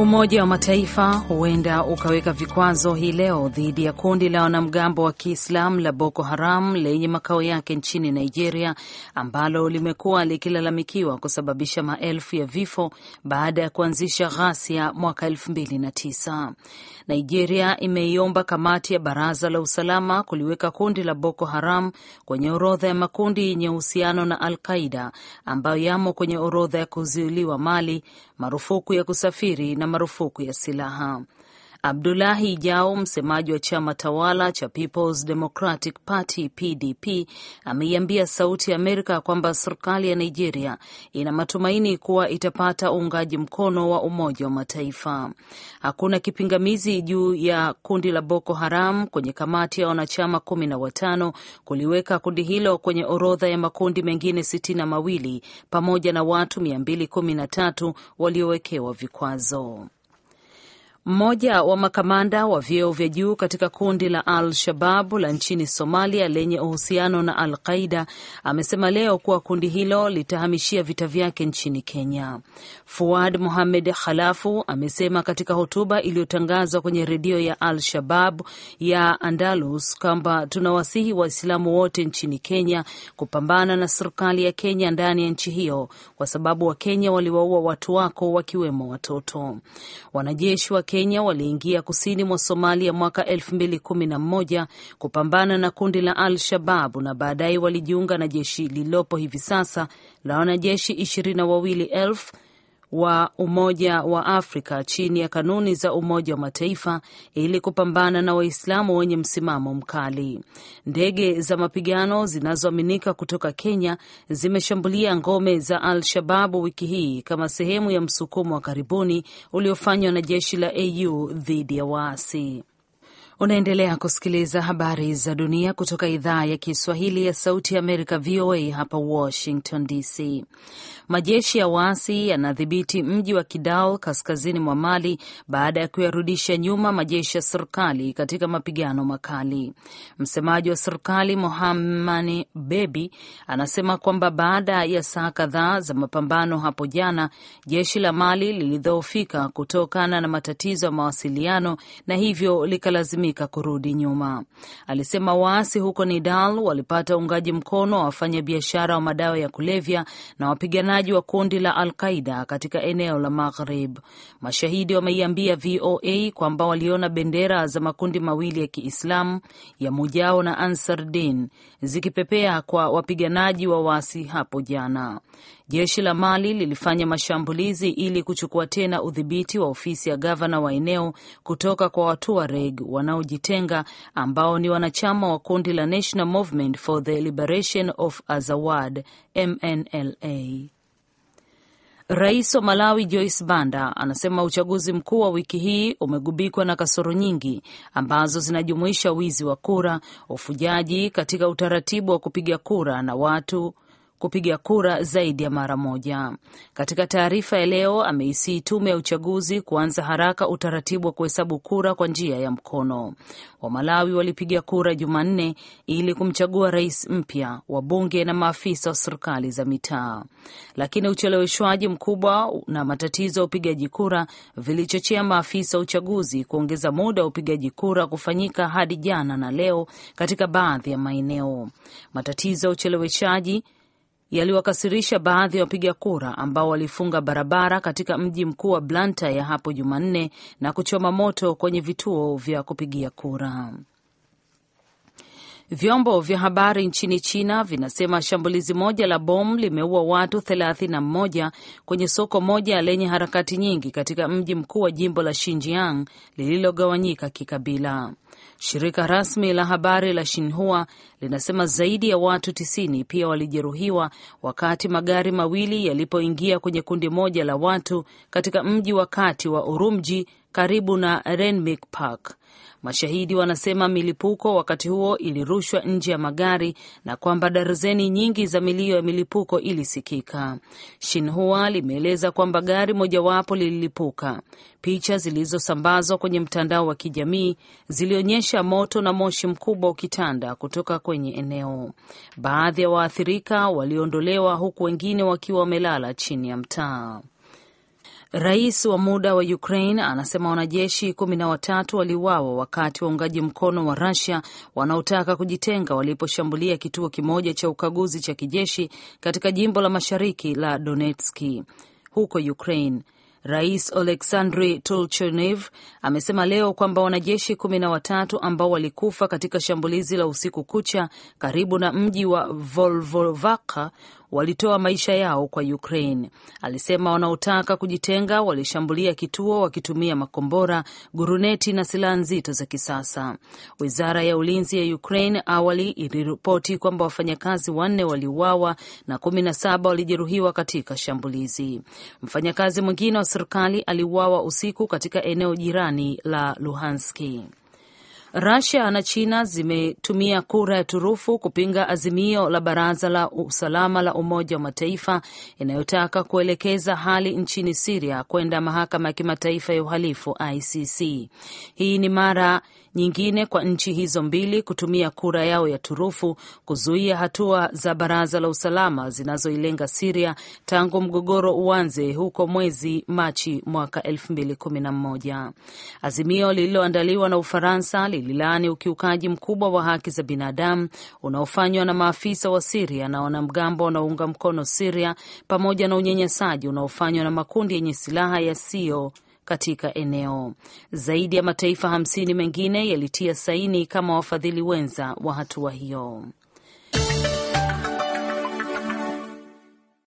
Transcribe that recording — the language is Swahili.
Umoja wa Mataifa huenda ukaweka vikwazo hii leo dhidi ya kundi la wanamgambo wa Kiislamu la Boko Haram lenye makao yake nchini Nigeria, ambalo limekuwa likilalamikiwa kusababisha maelfu ya vifo baada ya kuanzisha ghasia mwaka elfu mbili na tisa. Nigeria imeiomba kamati ya Baraza la Usalama kuliweka kundi la Boko Haram kwenye orodha ya makundi yenye uhusiano na Al Qaida ambayo yamo kwenye orodha ya kuzuiliwa mali, marufuku ya kusafiri na marufuku ya silaha. Abdulahi Jao, msemaji wa chama tawala cha Peoples Democratic Party PDP, ameiambia Sauti ya Amerika kwamba serikali ya Nigeria ina matumaini kuwa itapata uungaji mkono wa Umoja wa Mataifa. Hakuna kipingamizi juu ya kundi la Boko Haram kwenye kamati ya wanachama kumi na watano kuliweka kundi hilo kwenye orodha ya makundi mengine sitini na mawili pamoja na watu mia mbili kumi na tatu waliowekewa vikwazo. Mmoja wa makamanda wa vyeo vya juu katika kundi la Al-Shababu la nchini Somalia lenye uhusiano na Al-Qaida amesema leo kuwa kundi hilo litahamishia vita vyake nchini Kenya. Fuad muhamed Khalafu amesema katika hotuba iliyotangazwa kwenye redio ya Al-Shabab ya Andalus kwamba tunawasihi Waislamu wote nchini Kenya kupambana na serikali ya Kenya ndani ya nchi hiyo kwa sababu Wakenya waliwaua watu wako wakiwemo watoto. Wanajeshi wa Kenya Kenya waliingia kusini mwa Somalia mwaka 2011 kupambana na kundi la Al-Shababu na baadaye walijiunga na jeshi lililopo hivi sasa la wanajeshi elfu ishirini na wawili wa Umoja wa Afrika chini ya kanuni za Umoja wa Mataifa ili kupambana na Waislamu wenye msimamo mkali. Ndege za mapigano zinazoaminika kutoka Kenya zimeshambulia ngome za Al-Shababu wiki hii kama sehemu ya msukumo wa karibuni uliofanywa na jeshi la AU dhidi ya waasi. Unaendelea kusikiliza habari za dunia kutoka idhaa ya Kiswahili ya Sauti ya Amerika, VOA hapa Washington DC. Majeshi ya waasi yanadhibiti mji wa Kidal kaskazini mwa Mali baada ya kuyarudisha nyuma majeshi ya serikali katika mapigano makali. Msemaji wa serikali Mohamani Bebi anasema kwamba baada ya saa kadhaa za mapambano hapo jana, jeshi la Mali lilidhoofika kutokana na matatizo ya mawasiliano na hivyo likalazimika Afrika kurudi nyuma. Alisema waasi huko Nidal walipata uungaji mkono wa wafanyabiashara wa madawa ya kulevya na wapiganaji wa kundi la Al-Qaida katika eneo la Maghrib. Mashahidi wameiambia VOA kwamba waliona bendera za makundi mawili ya Kiislamu ya Mujao na Ansar Din zikipepea kwa wapiganaji wa waasi hapo jana. Jeshi la Mali lilifanya mashambulizi ili kuchukua tena udhibiti wa ofisi ya gavana wa eneo kutoka kwa Watuareg wanao wanaojitenga ambao ni wanachama wa kundi la National Movement for the Liberation of Azawad MNLA. Rais wa Malawi Joyce Banda anasema uchaguzi mkuu wa wiki hii umegubikwa na kasoro nyingi ambazo zinajumuisha wizi wa kura, ufujaji katika utaratibu wa kupiga kura na watu kupiga kura zaidi ya mara moja. Katika taarifa ya leo, ameisii tume ya uchaguzi kuanza haraka utaratibu wa kuhesabu kura kwa njia ya mkono. Wamalawi walipiga kura Jumanne ili kumchagua rais mpya, wabunge na maafisa wa serikali za mitaa, lakini ucheleweshwaji mkubwa na matatizo ya upigaji kura vilichochea maafisa wa uchaguzi kuongeza muda wa upigaji kura kufanyika hadi jana na leo katika baadhi ya maeneo. Matatizo ya ucheleweshaji yaliwakasirisha baadhi ya wapiga kura ambao walifunga barabara katika mji mkuu wa Blanta ya hapo Jumanne na kuchoma moto kwenye vituo vya kupigia kura. Vyombo vya habari nchini China vinasema shambulizi moja la bomu limeua watu thelathini na mmoja kwenye soko moja lenye harakati nyingi katika mji mkuu wa jimbo la Xinjiang lililogawanyika kikabila. Shirika rasmi la habari la Shinhua linasema zaidi ya watu tisini pia walijeruhiwa wakati magari mawili yalipoingia kwenye kundi moja la watu katika mji wa kati wa Urumji karibu na Renmin Park. Mashahidi wanasema milipuko wakati huo ilirushwa nje ya magari na kwamba darzeni nyingi za milio ya milipuko ilisikika. Shinhua limeeleza kwamba gari mojawapo lililipuka. Picha zilizosambazwa kwenye mtandao wa kijamii zilionyesha moto na moshi mkubwa ukitanda kutoka kwenye eneo. Baadhi ya waathirika waliondolewa huku wengine wakiwa wamelala chini ya mtaa. Rais wa muda wa Ukraine anasema wanajeshi kumi na watatu waliuawa wakati waungaji mkono wa Russia wanaotaka kujitenga waliposhambulia kituo kimoja cha ukaguzi cha kijeshi katika jimbo la mashariki la Donetski huko Ukraine. Rais Oleksandri Turchenev amesema leo kwamba wanajeshi kumi na watatu ambao walikufa katika shambulizi la usiku kucha karibu na mji wa Volvovaka walitoa maisha yao kwa Ukraine. Alisema wanaotaka kujitenga walishambulia kituo wakitumia makombora, guruneti na silaha nzito za kisasa. Wizara ya ulinzi ya Ukraine awali iliripoti kwamba wafanyakazi wanne waliuawa na kumi na saba walijeruhiwa katika shambulizi. Mfanyakazi mwingine wa serikali aliuawa usiku katika eneo jirani la Luhanski rasia na China zimetumia kura ya turufu kupinga azimio la Baraza la Usalama la Umoja wa Mataifa inayotaka kuelekeza hali nchini Siria kwenda mahakama ya kimataifa ya uhalifu ICC. Hii ni mara nyingine kwa nchi hizo mbili kutumia kura yao ya turufu kuzuia hatua za Baraza la Usalama zinazoilenga Siria tangu mgogoro uanze huko mwezi Machi mwaka 2011. Azimio lililoandaliwa na Ufaransa lililaani ukiukaji mkubwa wa haki za binadamu unaofanywa na maafisa wa Siria na wanamgambo wanaounga mkono Siria pamoja na unyanyasaji unaofanywa na makundi yenye silaha yasiyo katika eneo. Zaidi ya mataifa hamsini mengine yalitia saini kama wafadhili wenza wa hatua hiyo.